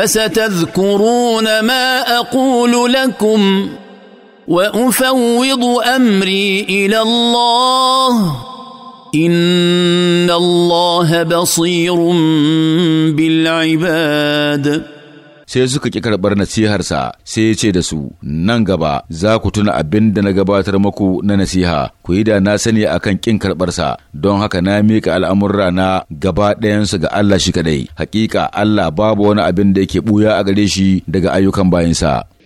فستذكرون ما اقول لكم وافوض امري الى الله ان الله بصير بالعباد sai suka ƙi karɓar nasiharsa sai ya ce da su nan gaba za ku tuna abin da na gabatar muku na nasiha ku yi da na sani akan ƙin karɓarsa don haka na mika al'amurra na gaba ɗayansu ga Allah shi kaɗai hakika Allah babu wani abin da yake ɓuya a gare shi daga ayyukan bayinsa.